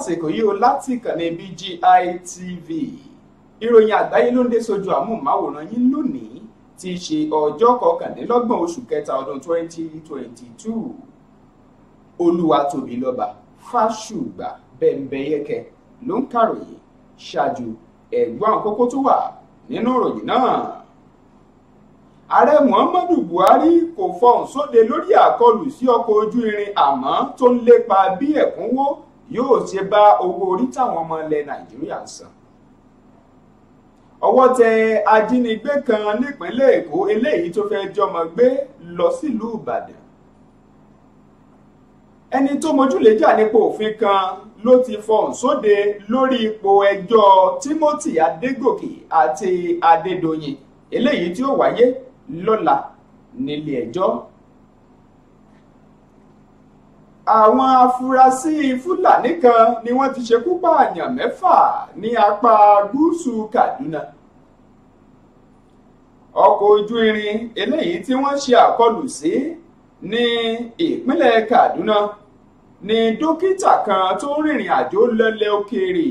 àsìkò yìí o láti ìkànnì BGI TV ìròyìn àgbáyé ló ń dé sójú àmúhùnmáwòrán yín lónìí tí í ṣe ọjọ́ kọkàndínlọ́gbọ̀n oṣù kẹta ọdún 2022 olúwatóbilọ́ba fáṣùgbà bẹ́ńbẹ́yẹkẹ ló ń kàròyìn ṣáájú ẹ̀gbọ́n àkókò tó wà nínú ìròyìn náà ààrẹ muhammadu buhari kò fọhùn sóde lórí àkọlù sí ọkọ̀ ojú irin àmọ́ tó ń lépa bí ẹ̀kúnwó yóò ṣe bá owó orí táwọn ọmọ ilẹ̀ nàìjíríà ń san ọwọ́ tẹ ajínigbé kan nípínlẹ̀ èkó eléyìí tó fẹ́ẹ́ jọmọ gbé lọ sílùú ìbàdàn ẹni tó mojúlẹ́jà nípa òfin kan ló ti fọhùn sóde lórí ipò ẹjọ́ timothy adégòkè àti adédọ̀yìn eléyìí tí ó wáyé lọ́la nílé ẹjọ́ àwọn afurasí fúlàní kan ni wọ́n ti ṣekú pààyàn mẹ́fà ní apá gúúsù kaduna ọkọ̀ ojú irin eléyìí tí wọ́n ṣe àkọlù sí ní ìpínlẹ̀ kaduna ni dókítà kan tó ń rìnrìn àjò lọ́lẹ̀ òkèèrè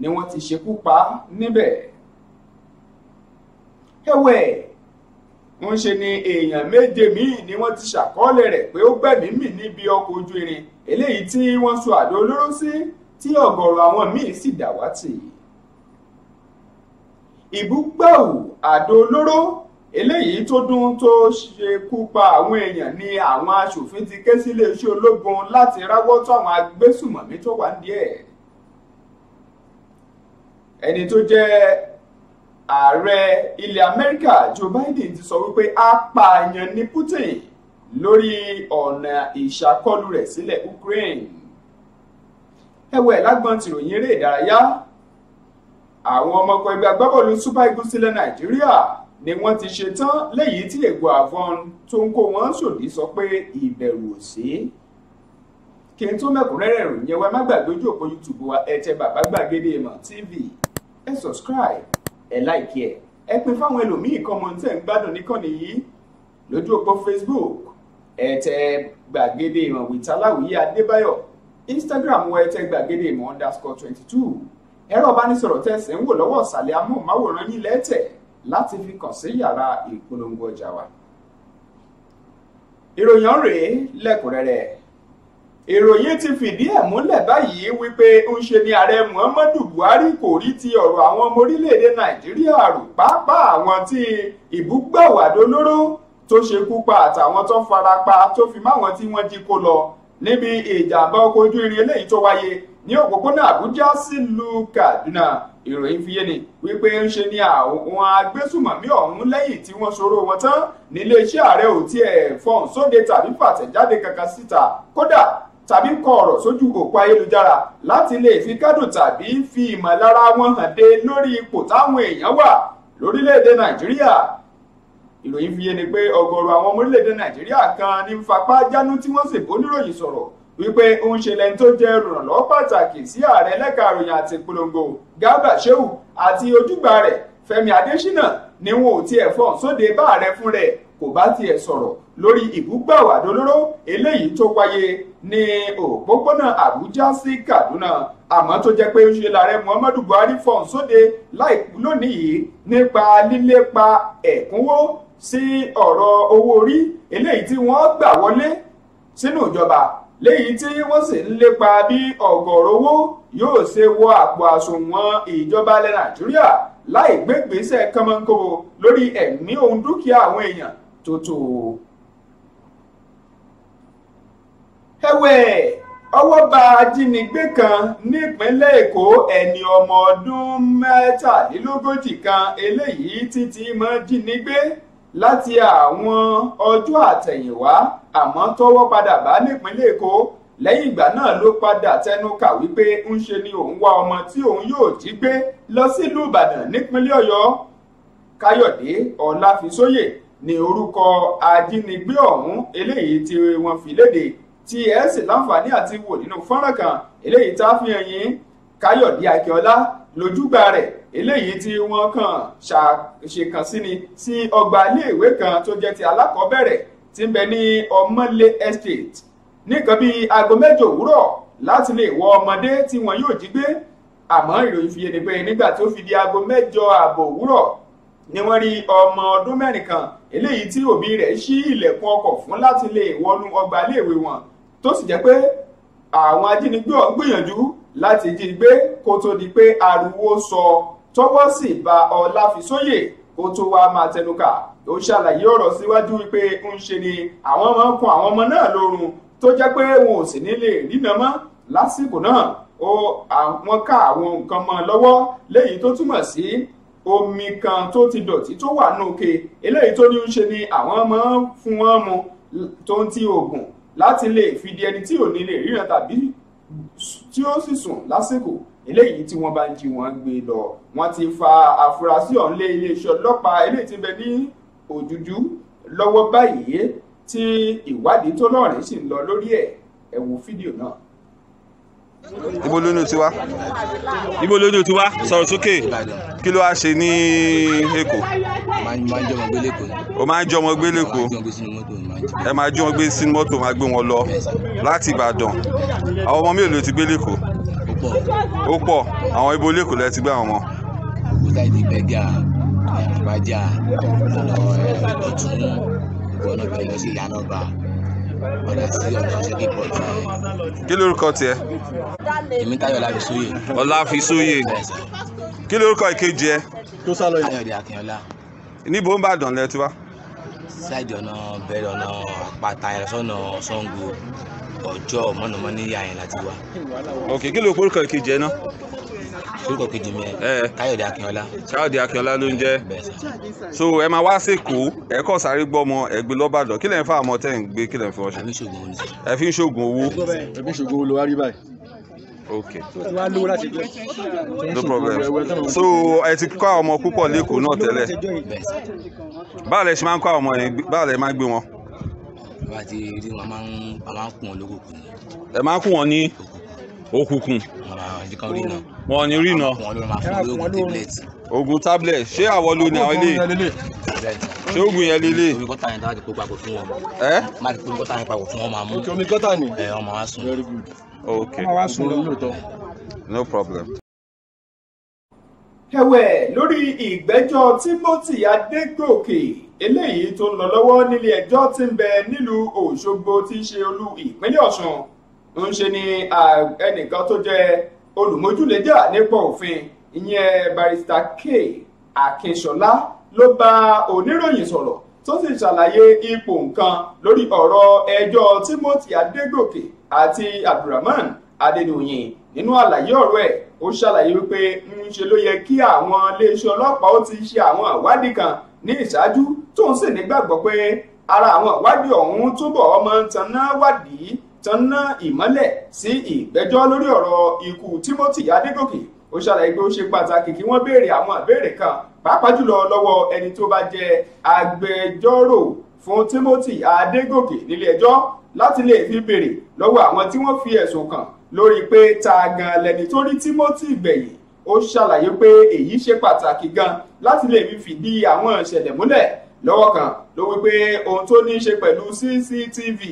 ni wọ́n ti ṣekú pa níbẹ̀ ẹ̀wẹ̀ ń ṣe ni èèyàn méje míì ni wọ́n ti ṣàkọọ́lẹ̀ rẹ̀ pé ó gbẹ̀mí mì níbi ọkọ̀ ojú irin eléyìí tí wọ́n sọ àdó olóró sí tí ọ̀gọ̀rọ̀ àwọn míì sì dàwátì. ìbúgbàù àdó olóró eléyìí tó dún tó ṣekú pa àwọn èèyàn ni àwọn aṣòfin ti ké sí iléeṣẹ́ ológun láti ráwọ́ tó àwọn agbésùmọ̀mí tó wà nídìí ẹ̀. ẹni tó jẹ́ ààrẹ ilẹ̀ amẹ́ríkà joe biden ti sọ wípé apààyàn ni putin lórí ọ̀nà ìṣàkọlù rẹ̀ sílẹ̀ ukraine ẹ̀wẹ̀ lágbọn tìròyìn eré ìdárayá àwọn ọmọ ọkọ̀ ẹgbẹ́ agbábọ́ọ̀lù super eagles sílẹ̀ nàìjíríà ni wọ́n ti ṣe tán lẹ́yìn tí ègbò avon tó ń kó wọn sòdí sọ pé ìbẹ̀rù ò sí. kí n tó mẹ́kúnrẹ́rẹ́ ìròyìn ẹwà má gbàgbé ojú òpó youtube wa ẹ bàbá gbàgede ìmọ̀ tv ẹ subscribe ẹ láìkí ẹ ẹ pín fáwọn ẹlòmíì kan mọ tẹ́ ń gbádùn níkànnì yìí lójú òpó Facebook ẹ tẹ gbàgede ìmọ̀ with Aláwìyé Adébáyọ̀ Instagram wa ẹ tẹ gbàgede ìmọ̀ underscore twenty two ẹ̀rọ ìbánisọ̀rọ̀ tẹ̀sẹ̀ ń wò lọ́wọ́ ìsàlẹ̀ amóhùnmáwòrán yín lẹ́tẹ̀ láti fi kàn sí yàrá ìpolongo ọjà wa. ìròyìn ọ̀rẹ́ lẹ́kùnrẹ́rẹ́ ìròyìn ti fìdí ẹ̀ múlẹ̀ báyìí wípé ń ṣe ni ààrẹ muhammadu buhari kò rí ti ọ̀rọ̀ àwọn ọmọ orílẹ̀-èdè nàìjíríà rò pàápàá àwọn tí ìbúgbàwàdolóró tó ṣekú pa àtàwọn tó fara pa tó fi máwọn tí wọ́n jí kó lọ níbi ìjàmbá ọkọ̀ ojú irin eléyìí tó wáyé ní òpópónà àbújá sílùú kaduna ìròyìn fi yé ni wípé ń ṣe ni àwọn agbésùmọ̀mí ọ̀hún lẹ́yìn tí wọ́n ṣòro wọn tán níléeṣẹ́ ààrẹ ò tiẹ̀ fọ́n sóde tàbí fàtẹ̀jáde kankan síta kódà tàbí kọ ọ̀rọ̀ sójú òpó ayélujára láti lè fi kẹ́dùn tàbí fi ìmọ̀lára wọn hàn dé lórí ipò táwọn èèyàn wà lórílẹ̀‐èdè nàìjíríà ìròyìn fi yé ni pé ọ̀gọ̀rọ̀ àwọn ọmọ orílẹ̀‐èdè nàìjíríà kan ní fapá jánu tí wọ́n sì bóníròyìn sọ̀rọ̀ wípé ó ń ṣe lẹ́ni tó jẹ́ olùrànlọ́wọ́ pàtàkì sí ààrẹ lẹ́ka àròyìn àti ìpolongo Garba Shehu àti ojúgbà rẹ̀ Fẹ́mi Adésínà ni wọn ò tiẹ̀ fọ́n sóde bá ààrẹ fún rẹ̀ kò bá tiẹ̀ sọ̀rọ̀ lórí ìbúgbàwàdó olóró eléyìí tó wáyé ní òpópónà Àbújá sí Kaduna àmọ́ tó jẹ́ pé ṣe lààrẹ Muhammadu Buhari fọ̀hún sóde láìpẹ́ lónìí yìí nípa lílépa ẹ̀kúnwó sí ọ̀rọ̀ owó orí eléyìí tí wọ́n gbà wọlé sínú ìjọba léyìí tí wọ́n sì ń lépa bí ọ̀gọ̀rọ̀ owó yóò ṣe wọ àpò àsùnwọ̀n ìjọba ilẹ̀ Nàìjíríà láì gbégbèsè kánmọ́nkó lórí ẹ̀mí ohun dúkìá àwọn èèyàn tótó o. ẹ̀wẹ̀ ọwọ́ bà ajínigbé kan nípínlẹ̀ èkó ẹni ọmọ ọdún mẹ́tàlélógójì kan eléyìí títí mọ́ jínigbé láti àwọn ọjọ́ àtẹ̀yìnwá àmọ́ tọ́wọ́ padà bá nípínlẹ̀ èkó lẹ́yìn ìgbà náà ló padà tẹnu kà wípé ń ṣe ni òun wá ọmọ tí òun yóò jí gbé lọ sílùú ìbàdàn nípínlẹ̀ ọ̀yọ́ káyọ̀dé ọláfiṣóyè Ni orúkọ ajínigbé ọ̀hún eléyìí tí wọ́n fi léde tí ẹ sì láǹfààní àti wò nínú fọ́nrán kan eléyìí tá a fi hàn yín káyọ̀dé akíọ́lá lójúgbà rẹ̀ eléyìí tí wọ́n kàn ṣèkàn sí ni sí ọgbà iléèwé kan tó jẹ́ ti alákọ̀ọ́bẹ̀rẹ̀ tí ń bẹ ní ọmọlé estate ní bíi aago mẹ́jọ òwúrọ̀ láti lè wọ ọmọdé tí wọn yóò jí gbé àmọ́ ìròyìn fi yé ni pé nígbà tó fi di aago mẹ́jọ ààbọ̀ òwúrọ̀ ni wọ́n rí ọmọ ọdún mẹ́rin kan eléyìí tí òbí rẹ̀ ṣí ilẹ̀kùn ọkọ̀ fún láti lè wọnú ọgbà iléèwé wọn tó sì jẹ́ pé àwọn ajínigbé ọ̀hún gbìyànjú láti jí gbé kó tó di pé ariwo sọ tọwọ́ sì ba Ọláfisóyè kó tó wá máa tẹnuka ó ṣàlàyé ọ̀rọ̀ síwájú wípé ń ṣe ni àwọn ọmọ ń kun àwọn ọmọ náà lórun tó jẹ́ pé wọn ò sì ní lè rínà mọ́ lásìkò náà ó ká àwọn nǹkan mọ́ lọ́wọ́ léyìí tó túmọ̀ sí omi kan tó ti dọ̀tí tó wà ní òkè eléyìí tó ní ń ṣe ni àwọn máa ń fún wọn mu tó ń ti oògùn láti lè fi di ẹni tí ò ní lè ríran tàbí tí ó sì sùn lásìkò eléyìí tí wọ́n bá ń jí wọn gbé lọ wọ́n ti fa àfúrásì ọ̀hún lé iléeṣẹ́ ọlọ́pàá eléyìí tí ń bẹ ní òjújú lọ́wọ́ báyìí tí ìwádìí tó lọ́rìn sì ń lọ lórí ẹ̀ ẹ wo fídíò náà ibo ló ní o ti wá. ibo ló ní o ti wá sọ̀rọ̀ sókè kí ló wá ṣe ní èkó. o máa ń jọ wọn gbé lẹ́kọ̀ọ́ ẹ máa jọ wọn gbé sínú mọ́tò máa gbé wọn lọ láti ìbàdàn àwọn ọmọ mélòó ti gbé lẹ́kọ̀ọ́ ó pọ̀ àwọn ibo lẹ́kọ̀ọ́ lẹ́ ti gbé àwọn ọmọ. òkúta ìdìbẹ́gà àbájá ọ̀nà ọ̀tún ọ̀nà bẹ̀rẹ̀ lọ sí ìyá náà bá a when I see ọ̀nà ṣẹ́gi pọ̀ jù. kí lórúkọ tiẹ̀. èmi táyọ̀ ọláfisóyè. ọláfisóyè kí lórúkọ ìkejì ẹ. tó sálọ yìí. ayọ̀dẹ akínyọlá. níbo ń bá dàn lẹ tiwa. sáìdì ọ̀nà bẹ̀rẹ̀ ọ̀nà pàtà ìrẹsọ̀nà Ṣàngó ọjọ́ mọ̀nàmọ́níyà yẹn láti wá. ok kí lórúkọ ìkejì ẹ náà orúkọ kejì mi ẹ káyọ̀dé akínọlá. káyọ̀dé akínọlá ló ń jẹ́ so ẹ máa wá sèkó ẹ kọ́ sáré gbọ́mọ ẹ gbé lọ́bàdàn kí lẹ́yìn fún àmọ́ tẹ̀ ń gbé kí lẹ́yìn fún ọṣẹ. ẹ fi ń ṣoògùn owó. ẹ fi ń ṣoògùn owó lọ wá rí báyìí. ok no problem so ẹ ti kọ́ àwọn ọmọ púpọ̀ lẹ́kọ̀ọ́ náà tẹ́lẹ̀ báwo lẹ ṣe máa ń kọ́ àwọn ọmọ yẹn báwo lẹ máa ń gbé wọn. bá a ti rí wọn ẹ máa ń kún wọn ní òkùnkùn wọn ni rí iná oògùn tablet ṣé àwọ ló ní àwọn ilé ṣé oògùn yẹn lélẹ̀. omi gọ́tà yẹn tó ti kó papọ̀ fún wọn. ẹ má ti kó gọ́tà yẹn papọ̀ fún wọn máa mú. omi gọ́tà ni. ẹ ọmọ wa sùn. ok ọmọ wa sùn lóòótọ́. no problem. ẹ̀wẹ̀ lórí ìgbẹ́jọ́ Timothy Adégòkè eléyìí tó ń lọ lọ́wọ́ nílé ẹjọ́ tí ń bẹ nílùú Òṣogbo tí í ṣe olú ìpínlẹ̀ Ọ̀ṣun ń ṣe ni ẹnìkan tó jẹ́ olùmójúlẹ́jà nípa òfin ìyẹn barista K Akínṣọlá ló bá oníròyìn sọ̀rọ̀ tó sì ṣàlàyé ipò nǹkan lórí ọ̀rọ̀ ẹjọ́ Timothy Adégòkè àti Abdulrahman Adédoyin nínú àlàyé ọ̀rọ̀ ẹ̀ ó ṣàlàyé wípé ń ṣe ló yẹ kí àwọn iléeṣẹ́ ọlọ́pàá ó ti ṣe àwọn ìwádìí kan ní ìṣáájú tóun sì nígbàgbọ́ pé ara àwọn ìwádìí ọ̀hún túbọ̀ ọmọ ń wádìí tanná ìmọ́lẹ̀ sí ìgbẹ́jọ́ lórí ọ̀rọ̀ ikú Timothy Adégòkè ó ṣàlàyé pé ó ṣe pàtàkì kí wọ́n béèrè àwọn ìbéèrè kan pàápàá jùlọ lọ́wọ́ ẹni tó bá jẹ agbẹjọ́rò fún Timothy Adégòkè nílé ẹjọ́ láti lè fi béèrè lọ́wọ́ àwọn tí wọ́n fi ẹ̀sùn kàn lórí pé ta gan lẹni tó rí Timothy gbẹ̀yìn ó ṣàlàyé pé èyí ṣe pàtàkì gan láti lè fi fìdí àwọn ìṣẹ̀lẹ̀ múlẹ̀ lọ́wọ́ kan ló wí pé ohun tó ní í ṣe pẹ̀lú CCTV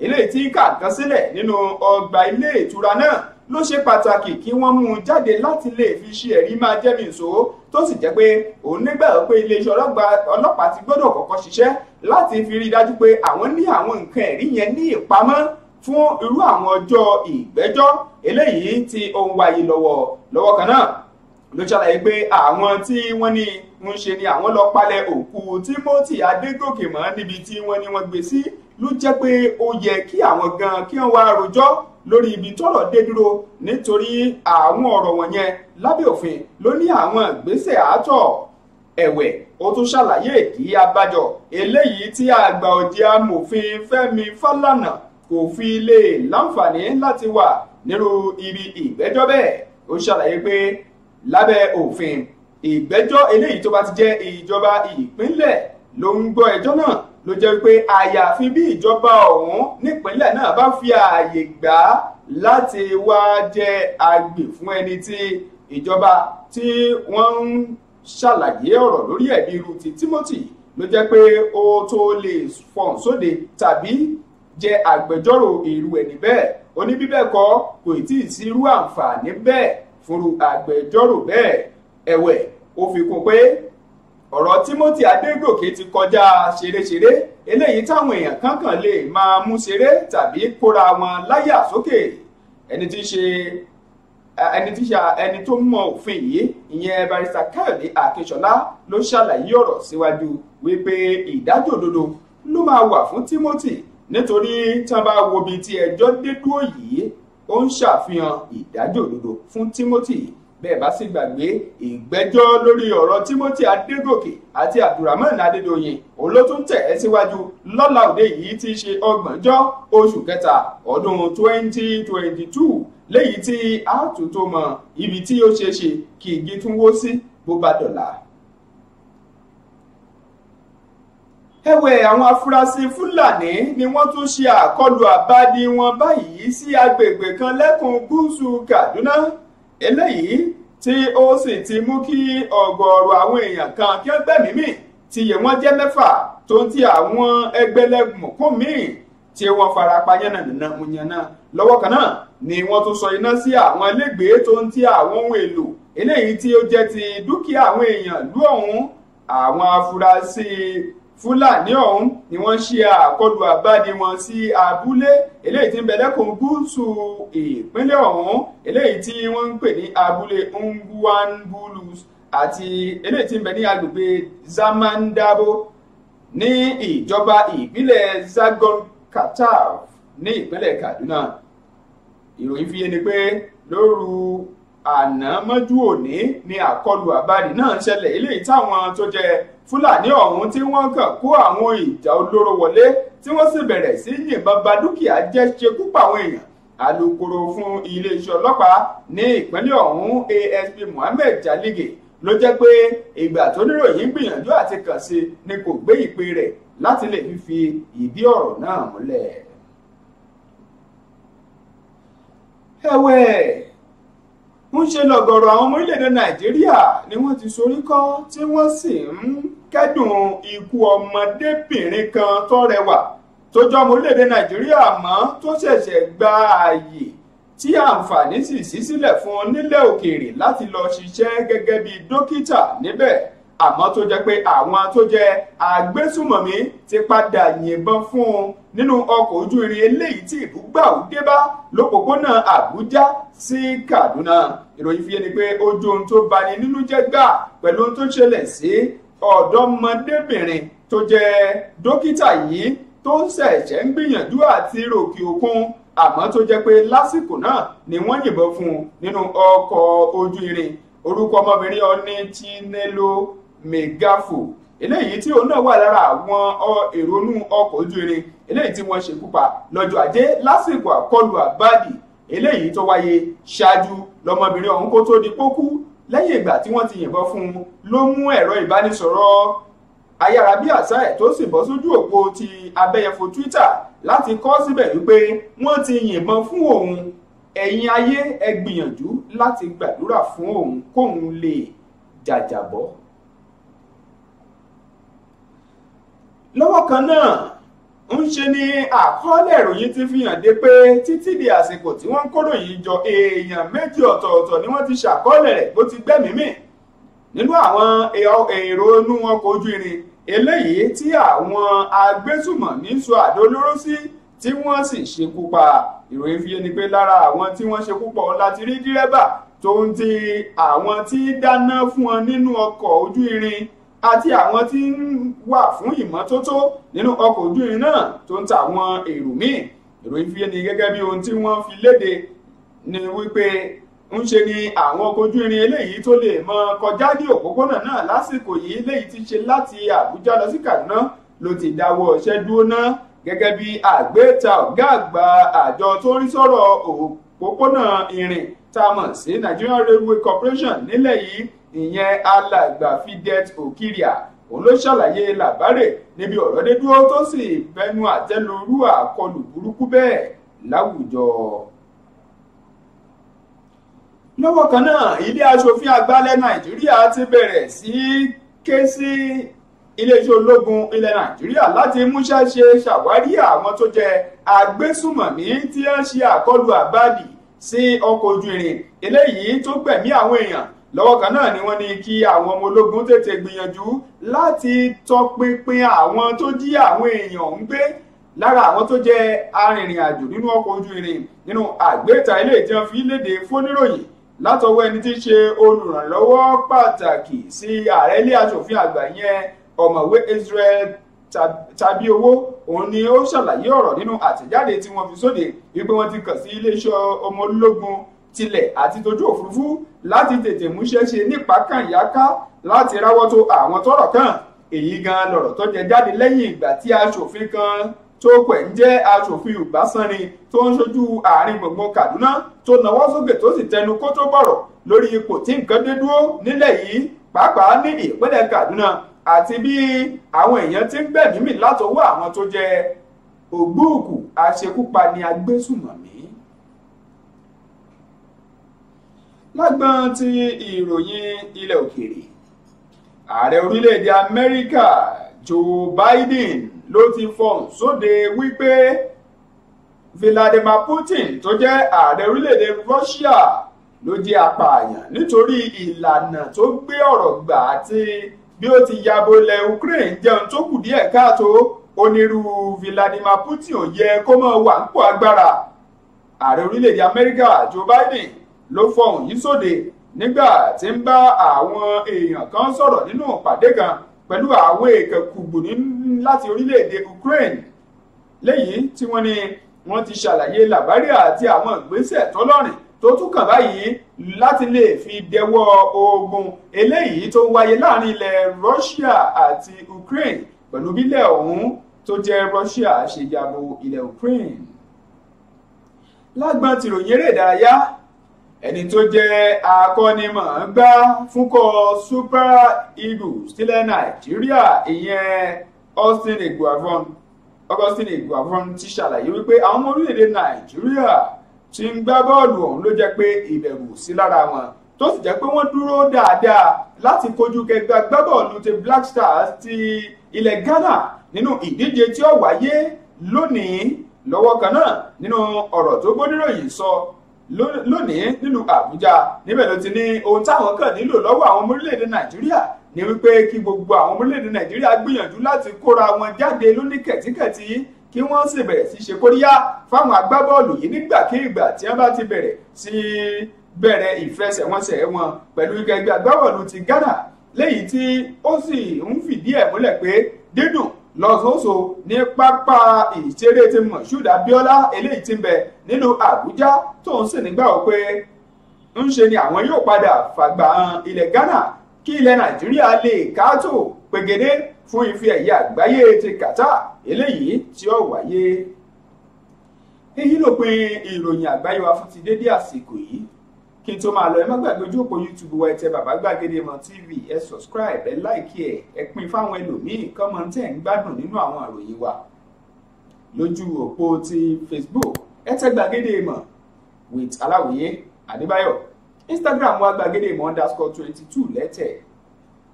eléyìí tí ń kà nǹkan sílẹ̀ nínú ọgbà ilé ìtura náà ló ṣe pàtàkì kí wọ́n mú un jáde láti lè fi ṣe ẹ̀rí máa jẹ́mi ìṣó tó sì jẹ́ pé òun nígbàgbọ́ pé iléeṣẹ́ ọlọ́pàá ti gbọ́dọ̀ kọ́kọ́ ṣiṣẹ́ láti fi rí i dájú pé àwọn ní àwọn nǹkan ẹ̀rí yẹn ní ìpamọ́ fún irú àwọn ọjọ́ ìgbẹ́jọ́ eléyìí tí ó wáyé lọ́wọ́ lọ́wọ́ kan náà ló ṣàlàyé pé àwọn tí wọ́n ní ń ṣe ni àwọn lọ palẹ̀ òkú Timothy Adégòkè mọ́ níbi tí wọ́n ní wọ́n gbé sí ló jẹ́ pé ó yẹ kí àwọn gan kí wọ́n wá rojọ́ lórí ibi tọ́rọ̀ dé dúró nítorí àwọn ọ̀rọ̀ wọ̀nyẹn lábẹ́ òfin ló ní àwọn ìgbésẹ̀ àátọ̀ ẹ̀wẹ̀ ó tún ṣàlàyé ìdí abájọ eléyìí tí àgbà òjì amòfin Fẹ́mi Fálànà kò fi lè láǹfààní láti wà nírú ibi ìgbẹ́jọ́ bẹ́ẹ̀ ó ṣàlàyé pé lábẹ́ òfin ìgbẹ́jọ́ eléyìí tó bá ti jẹ́ ìjọba ìpínlẹ̀ ló ń gbọ́ ẹjọ́ náà ló jẹ́ pé àyàfi bí ìjọba ọ̀hún nípínlẹ̀ náà bá fi ààyè gbà á láti wá jẹ́ agbè fún ẹni tí ìjọba tí wọ́n ń ṣàlàyé ọ̀rọ̀ lórí ẹ̀bí irú ti Timothy ló jẹ́ pé ó tó lè fọ̀n sóde tàbí jẹ́ agbẹjọ́rò irú ẹni bẹ́ẹ̀ ó kò tí ì sí àǹfààní bẹ́ẹ̀ fúnru agbẹjọ́rò bẹ́ẹ̀ ẹ̀wẹ̀ ó fi kún pé ọ̀rọ̀ Timothy Adégòkè ti kọjá ṣeréṣeré eléyìí táwọn èèyàn kankan lè máa mú ṣeré tàbí kóra wọn láyà sókè ẹni tí í ṣe ẹni tí í ṣe ẹni tó mọ òfin yìí ìyẹn barista Káyọ̀dé Akínsọlá ló ṣàlàyé ọ̀rọ̀ síwájú wípé ìdájọ́ òdodo ló máa wà fún Timothy nítorí tí wọ́n bá wo ibi tí ẹjọ́ dé dúró yìí ó ń ṣàfihàn ìdájọ́ òdodo fún Timothy bẹ́ẹ̀ bá sì gbàgbé ìgbẹ́jọ́ lórí ọ̀rọ̀ Timothy Adégòkè àti Abdulrahman Adédoyin òun ló tún tẹ̀ ẹ́ síwájú lọ́la òde yìí ti ṣe ọgbọ̀njọ́ oṣù kẹta ọdún 2022 léyìí tí a tún tó mọ ibi tí ó ṣeé ṣe kí igi tún wó sí bó bá dọ̀la. ẹ̀wẹ̀ àwọn afurasí fúlàní ni wọ́n tún ṣe àkọlù àbádi wọn báyìí sí agbègbè kan lẹ́kùn gúúsù Kaduna eléyìí tí ó sì ti mú kí ọ̀gọ̀ọ̀rọ̀ àwọn èèyàn kan kí wọ́n gbẹ̀mí mì tíye wọn jẹ́ mẹ́fà tó ń ti àwọn ẹgbẹ̀lẹ́gbọ̀kún míì tí wọ́n fara pa yánnayànna múyànna lọ́wọ́ kan náà ni wọ́n tún sọ iná sí àwọn ilégbèé tó ń ti àwọn ohun èlò eléyìí tí ó jẹ́ ti dúkìá àwọn èèyàn lú ọ̀hún àwọn afurasí fúlàní ọ̀hún ni wọ́n ṣe àkọlù àbádi wọn sí abúlé eléyìí tí ń bẹ lẹ́kùn gúúsù ìpínlẹ̀ ọ̀hún eléyìí tí wọ́n ń pè ní abúlé ngwanbulus àti eléyìí tí ń bẹ ní agbègbè zamandabo ní ìjọba ìbílẹ̀ zagon katab ní ìpínlẹ̀ kaduna ìròyìn fi yé ni pé lóru àná mọ́jú òní ni àkọlù àbádi náà ṣẹlẹ̀ eléyìí táwọn tó jẹ́ fúlàní ọ̀hún tí wọ́n kàn kó àwọn ìjà olóró wọlé tí wọ́n sì bẹ̀rẹ̀ sí yìnbọn ba dúkìá jẹ́ ṣekú pa àwọn èèyàn alūkkóró fún iléeṣẹ́ ọlọ́pàá ní ìpínlẹ̀ ọ̀hún ASP Mohammed Jalige ló jẹ́ pé ìgbà tó níròyìn gbìyànjú àti kàn sí ni kò gbé ìpè rẹ̀ láti lè fífi ìdí ọ̀rọ̀ náà múlẹ̀. ẹ̀wẹ̀ ń ṣe lọ̀gọ̀rọ̀ àwọn ọmọ orílẹ̀-èdè Nàìjíríà ni wọ́n ti sorí kọ́ tí wọ́n sì ń kẹ́dùn ikú ọmọdébìnrin kan tó rẹwà tó jọ ọmọ orílẹ̀-èdè nàìjíríà mọ́ tó ṣẹ̀ṣẹ̀ gba ààyè tí àǹfààní sì ṣí sílẹ̀ fún un nílẹ̀ òkèèrè láti lọ ṣiṣẹ́ gẹ́gẹ́ bí dókítà níbẹ̀ àmọ́ tó jẹ́ pé àwọn tó jẹ́ agbésùmọ̀mí ti padà yìnbọn fún un nínú ọkọ̀ ojú irin eléyìí tí ìbúgbà ò dé bá lópòpónà àbújá sí kaduna ìròyìn fi yé ni pé ojú ohun tó bani nínú jẹ́ gbà pẹ̀lú ohun tó ṣẹlẹ̀ sí ọ̀dọ́mọdébìnrin tó jẹ́ dókítà yìí tó ṣẹ̀ṣẹ̀ ń gbìyànjú àti ròkè òkun àmọ́ tó jẹ́ pé lásìkò náà ni wọ́n yìnbọn fún un nínú ọkọ̀ ojú irin orúkọ ọmọbìnrin ọní Chinelo Megafo eléyìí tí òun náà wà lára àwọn èrònú ọkọ̀ ojú irin eléyìí tí wọ́n ṣekú pa lọ́jọ́ ajé lásìkò àkọlù àbáàdì eléyìí tó wáyé ṣáájú lọmọbìnrin ọ̀hún kó tó di pókú lẹ́yìn ìgbà tí wọ́n ti yìnbọn fún un ló mú ẹ̀rọ ìbánisọ̀rọ̀ ayárabíàṣá ẹ̀ tó sì bọ́ sójú òpó ti abẹ́yẹfò Twitter láti kọ síbẹ̀ wípé wọ́n ti yìnbọn fún òun ẹ̀yin ayé ẹ gbìyànjú láti gbàdúrà fún òun kóun lè jàjàbọ́. lọ́wọ́ kan náà ń ṣe ni àkọọ́lẹ̀ ìròyìn ti fi hàn dé pé títí di àsìkò tí wọ́n ń kóròyìn jọ èèyàn méjì ọ̀tọ̀ọ̀tọ̀ ni wọ́n ti ṣàkọọ́lẹ̀ rẹ̀ bó ti gbẹ́mìí mì nínú àwọn èrò inú wọn kò ojú irin eléyìí tí àwọn agbésùmọ̀mí sọ àdó olóró sí tí wọ́n sì ṣekú pa ìròyìn fi ni pé lára àwọn tí wọ́n ṣekú pa ọ̀la rí dírẹ́bà tó ń ti àwọn tí dáná fún wọn nínú ọkọ̀ ojú irin àti àwọn tí ń wà fún ìmọ́tótó nínú ọkọ̀ ojú irin náà tó ń ta àwọn èrò míì ìròyìn fi ni gẹ́gẹ́ bí ohun tí wọ́n fi léde ni wípé ń ṣe ni àwọn ọkọ̀ ojú irin eléyìí tó lè mọ kọjá ní òpópónà náà lásìkò yìí léyìí ti ṣe láti Àbújá lọ sí Kaduna ló ti dáwọ́ iṣẹ́ dúró náà gẹ́gẹ́ bí àgbéta ọ̀gá àgbà àjọ tó rí sọ̀rọ̀ òpópónà irin tá a mọ̀ sí Nigerian Railway Corporation nílẹ̀ yìí ìyẹn alàgbà fidet okiria òun ló ṣàlàyé làbárè níbi ọ̀rọ̀ dé dúró tó sì fẹnu àtẹlórú àkọlù burúkú bẹ́ẹ̀ láwùjọ lọ́wọ́ kan náà ilé aṣòfin àgbálẹ̀ nàìjíríà ti bẹ̀rẹ̀ sí ké sí iléeṣẹ́ ológun ilẹ̀ nàìjíríà láti múṣẹ́ ṣe ṣàwárí àwọn tó jẹ́ agbésùmọ̀mí tí ó ń ṣe àkọlù àbádì sí ọkọ̀ ojú irin eléyìí tó gbẹ̀mí àwọn èèyàn lọ́wọ́ kan náà ni wọ́n ní kí àwọn ọmọ ológun tètè gbìyànjú láti tọpinpin àwọn tó jí àwọn èèyàn ń gbé lára àwọn tó jẹ́ arìnrìn-àjò nínú ọkọ̀ ojú irin nínú àgbéta ilé ìjẹun fi léde fóníròyìn látọwọ́ ẹni tí í ṣe olùrànlọ́wọ́ pàtàkì sí ààrẹ ilé aṣòfin àgbà yẹn ọ̀mọ̀wé Israel tàbí owó òun ni ó ṣàlàyé ọ̀rọ̀ nínú àtẹ̀jáde tí wọ́n fi sóde wípé wọ́n ti kàn sí iléeṣẹ́ ọmọ ológun tilẹ̀ àti tójú òfurufú láti tètè múṣẹ́ ṣe nípakànyáká láti ráwọ́ tó àwọn tọ́rọ̀ kàn èyí gan lọ̀rọ̀ tó jẹ jáde lẹ́yìn ìgbà tí aṣòfin kan tó pẹ̀ ń jẹ́ aṣòfin Ògbásánni tó ń ṣojú àárín gbùngbùn Kaduna tó nawọ́ sókè tó sì tẹnu kó tó bọ̀rọ̀ lórí ipò tí nǹkan dé dúró nílẹ̀ yìí pàápàá ní ìpínlẹ̀ Kaduna àti bí àwọn èèyàn ti ń gbẹ̀mí mì látọwọ́ àwọn tó jẹ ògbóòkù àṣekúpani agbésùmọ̀mí lágbọ́n ti ìròyìn ilẹ̀ òkèèrè ààrẹ orílẹ̀-èdè amẹ́ríkà joe biden ló ti fọhùn sóde wípé vladimir putin tó jẹ́ ààrẹ orílẹ̀-èdè russia ló jẹ́ apààyàn nítorí ìlànà tó gbé ọ̀rọ̀ gbà àti bí ó ti yabo ilẹ̀ ukraine jẹun tó kù díẹ̀ káàtó onírúurú vladimir putin ò yẹ kó mọ̀ wà nípò agbára ààrẹ orílẹ̀-èdè amẹ́ríkà joe biden ló fọhùn yìí sóde nígbà tí ń bá àwọn èèyàn kan sọ̀rọ̀ nínú ìpàdé kan pẹ̀lú àwọn èkẹ́kùgbù láti orílẹ̀-èdè Ukraine léyìí tí wọ́n ní wọ́n ti ṣàlàyé làbárí àti àwọn ìgbésẹ̀ tọ́lọ́rìn tó tún kàn báyìí láti lè fi dẹwọ́ ogun eléyìí tó wáyé láàrin ilẹ̀ Russia àti Ukraine pẹ̀lú bílẹ̀ ọ̀hún tó jẹ́ Russia ṣe yabo ilẹ̀ Ukraine. lágbọn tìròyìn eré ìdárayá ẹni tó jẹ́ akọ́nimọ̀ọ́gbá fúnkọ́ super eagles tilẹ̀ nàìjíríà ìyẹn austin eguavon augustin eguavon ti ṣàlàyé wípé àwọn ọmọ orílẹ̀-èdè nàìjíríà ti ń gbá bọ́ọ̀lù ọ̀hún ló jẹ́ pé ìbẹ̀rù sí lára wọn tó sì jẹ́ pé wọ́n dúró dáadáa láti kojú kẹgbẹ́ agbábọ́ọ̀lù ti black stars ti ilẹ̀ ghana nínú ìdíje tí ó wáyé lónìí lọ́wọ́ kan náà nínú ọ̀rọ̀ tó gbódìròyìn sọ lónìí nílùú àbújá níbẹ̀ ló ti ní ohun táwọn kàn nílò lọ́wọ́ àwọn ọmọ orílẹ̀-èdè nàìjíríà ní wípé kí gbogbo àwọn ọmọ orílẹ̀-èdè nàìjíríà gbìyànjú láti kóra wọn jáde lóní kẹ̀tíkẹ̀tí kí wọ́n sì bẹ̀rẹ̀ sí ṣe kóríyá fáwọn agbábọ́ọ̀lù yìí nígbàkigbà tí wọ́n bá ti bẹ̀rẹ̀ sí bẹ̀rẹ̀ ìfẹsẹ̀wọnsẹ̀ wọn pẹ̀lú ẹgbẹ́ agbábọ́ọ̀lù ti ghana léyìí tí ó sì ń fìdí ẹ̀ múlẹ̀ pé dídùn lọ́sọ̀ọ̀sọ̀ ní pápá ìṣeré ti Moshood Abiola eléyìí ti ń bẹ nílùú Àbújá tó ń sì nígbà wọ pé ń ṣe ni àwọn yóò padà fàgbà han ilẹ̀ Ghana kí ilẹ̀ Nàìjíríà lè káàtó pegedé fún ife ẹ̀yẹ àgbáyé ti Qatar eléyìí tí ó wáyé èyí ló pin ìròyìn àgbáyé wa fún ti dédé àsìkò yìí kí n tó máa lọ ẹ má gbàgbé ojú òpó youtube wa ẹtẹ bàbá gbàgede mọ tv ẹ subscribe ẹ like ẹ ẹ pín fáwọn ẹlòmíín kọ́mọ tẹ̀ ń gbádùn nínú àwọn ìròyìn wa lójú òpó ti facebook ẹtẹ gbàgede mọ with aláwòye adébáyọ̀ instagram wa gbàgede mọ underscore twenty two lẹ́tẹ̀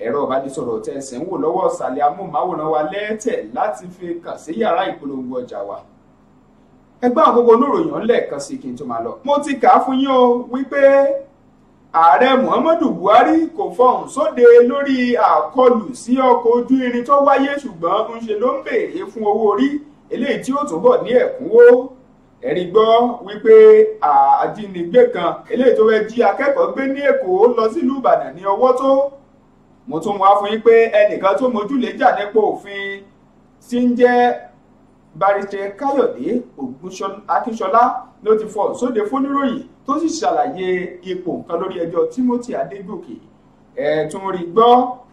ẹ̀rọ ìbánisọ̀rọ̀ tẹ̀sán wò lọ́wọ́ ọ̀sàlẹ̀ amóhùnmáwòrán wa lẹ́tẹ̀ láti fi kàn sí yàrá ìpolongo ọjà wa ẹgbẹ́ àwọn gbogbo oníròyìn lẹ́ẹ̀kan sí kí n tó máa lọ. mo ti kà á fún yín o wípé ààrẹ muhammadu buhari kò fọhùn sóde lórí àkọlù sí ọkọ̀ ojú irin tó wáyé ṣùgbọ́n ń ṣe ló ń béèrè fún owó orí eléyìí tí ó túbọ̀ ní ẹ̀kúnwó ẹ̀rí gbọ́ wípé àjínigbé kan eléyìí tó fẹ́ jí akẹ́kọ̀ọ́ gbé ní èkó lọ sílùú ìbàdàn ní ọwọ́ tó mo tún wá fún yín pé ẹnìkan tó mojúlé jà nípa òfin tí ń jẹ́ Barista káyọ̀dé akínṣọlá ló ti fọ̀ sóde fóníròyìn tó sì ṣàlàyé ipò nǹkan lórí ẹjọ́ timothy adégòkè ẹ tún rí gbọ́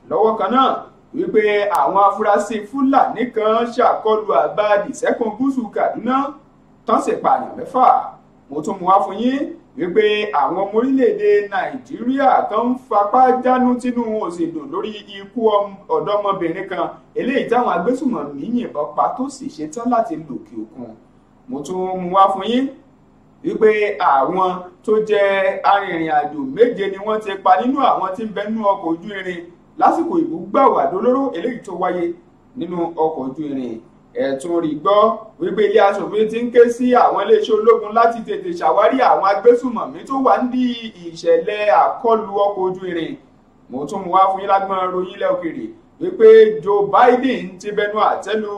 lọ́wọ́ kan náà wípé àwọn afurasí fúlàní kan ṣàkọlù àgbà dìsẹ́kùn gúúsù kaduna tán sì pààyàn mẹ́fà mo tún mú wá fún yín wípé àwọn ọmọ orílẹ̀-èdè nàìjíríà tó ń fapá jánu tínú òsèdò lórí ikú ọ̀dọ́mọbìnrin kan eléyìí táwọn agbésùmọ̀mí yìnbọn pa tó sì ṣetán láti lòkè òkun mo tún mú wá fún yín wípé àwọn tó jẹ́ arìnrìn-àjò méje ni wọ́n ti pa nínú àwọn tí ń bẹ nínú ọkọ̀ ojú irin lásìkò ìlú lóró eléyìí tó wáyé nínú ọkọ̀ ojú irin ẹ̀tún rí gbọ́ wípé ilé aṣòfin ti ń ké sí àwọn iléeṣẹ́ ológun láti tètè ṣàwárí àwọn agbésùmọ̀mí tó wà ń di ìṣẹ̀lẹ̀ àkọlù ọkọ̀ ojú irin mo tún mú wá fún yín lágbọ́n ròyìn ilẹ̀ òkèèrè wípé Joe Biden ti bẹnu àtẹ́lu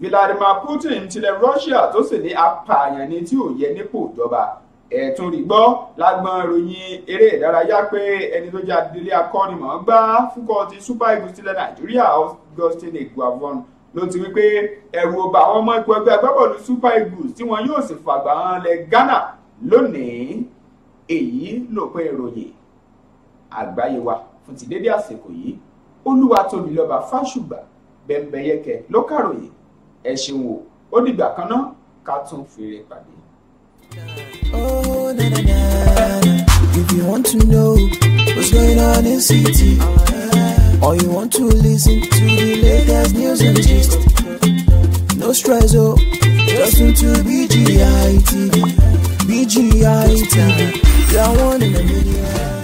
Vladimir Putin tilẹ̀ Russia tó sì ní apààyàn ni tí ò yẹ nípò ìjọba ẹ̀tún rí gbọ́ lágbọ́n ròyìn eré ìdárayá pé ẹni tó jẹ́ adelé akọ́nimọ̀ọ́gbá fúkọ́ ti Super Eagles tilẹ̀ Nàìjíríà Augustine Eguavoen ló ti wí pé ẹ̀rù ò bá àwọn ọmọ ikú ẹgbẹ́ agbábọ́ọ̀lù Super Eagles tí wọn yóò sì fàgbà hàn lẹ̀ Ghana lónìí èyí lópin ìròyìn àgbáyé wa fún ti dédé àsìkò yìí olúwa tóbi lọ́ba fáṣùgbà bẹ́ẹ̀nbẹ́yẹkẹ ló kàròyìn ẹ ṣeun o ó dìgbà kan náà ká tún fèrè pàdé. Oh, na, na, na. If you want to know what's going on in city. Or you want to listen to the latest news and gist? No stress, oh, just tune to BGI TV. BGI TV, you are one in a million.